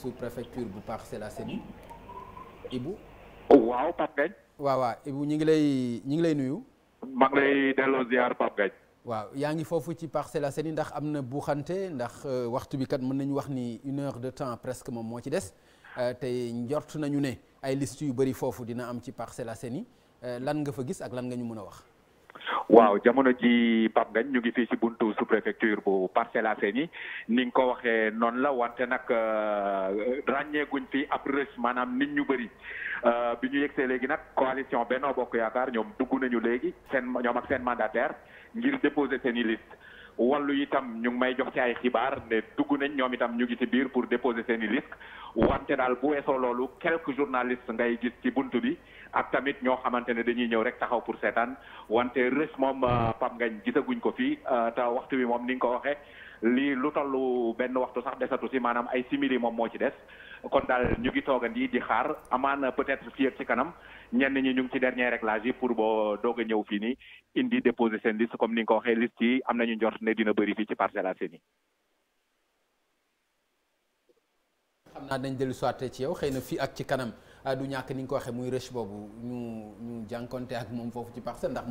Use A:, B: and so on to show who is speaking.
A: sous préfecture bu Parcelles Assainies Ibou. waaw Pape Ngagne. waaw waaw Ibou ñu ngi lay ñu ngi lay nuyu.
B: maa lay delloo ziar Pape Ngagne.
A: waaw yaa ngi foofu ci Parcelles Assainies ndax am na buuxante ndax euh, waxtu bi kat mën nañu wax ni une heure de temps presque moom moo ci des euh, te njort nañu ne ay liste yu bëri foofu dina am ci Parcelles Assainies euh, lan nga fa gis ak lan nga ñu mën a wax.
C: waaw jamono ji Pape Ngagne ñu ngi fii ci buntu sous-préfecture bu Parcelles Assainies ni nga ko waxee noonu la wante nag euh, ràññeeguñ fi ab rëcc maanaam nit ñu bëri euh, bi ñu yegsee léegi nag coalition Benno Bokk Yaakaar ñoom dugg nañu léegi seen ñoom ak seen mandataire ngir déposer seen i liste wallu itam ñu ngi may jox ci ay xibaar ne dugg nañ ñoom itam ñu ngi ci biir pour déposer seen i liste wante daal bu weesoo loolu quelques journalistes ngay gis ci buntu bi ak tamit ñoo xamante ne dañuy ñëw rek taxaw pour seetaan wante rës moom euh, Pape Ngagne gisaguñ ko fii euh, te waxtu bi moom ni nga ko waxee lii lu tollu benn waxtu sax desatu si maanaam ay simili moom moo ci des kon daal ñu ngi toogandi di xaar amaan peut-être fii ci kanam ñenn ñi ñu ngi ci dernier réglage yi pour boo doog ñëw fii nii indi déposé seen liste comme ni nga ko waxee liste yi am nañu njort ne dina bëri fii ci Parcelles Assainies
A: xam naa dañ ci yow xëy na fii ak ci kanam Ah, du ñàkk ni nga ko waxee muy rush boobu ñu ñu jànkonte ak moom foofu ci parcelle ndax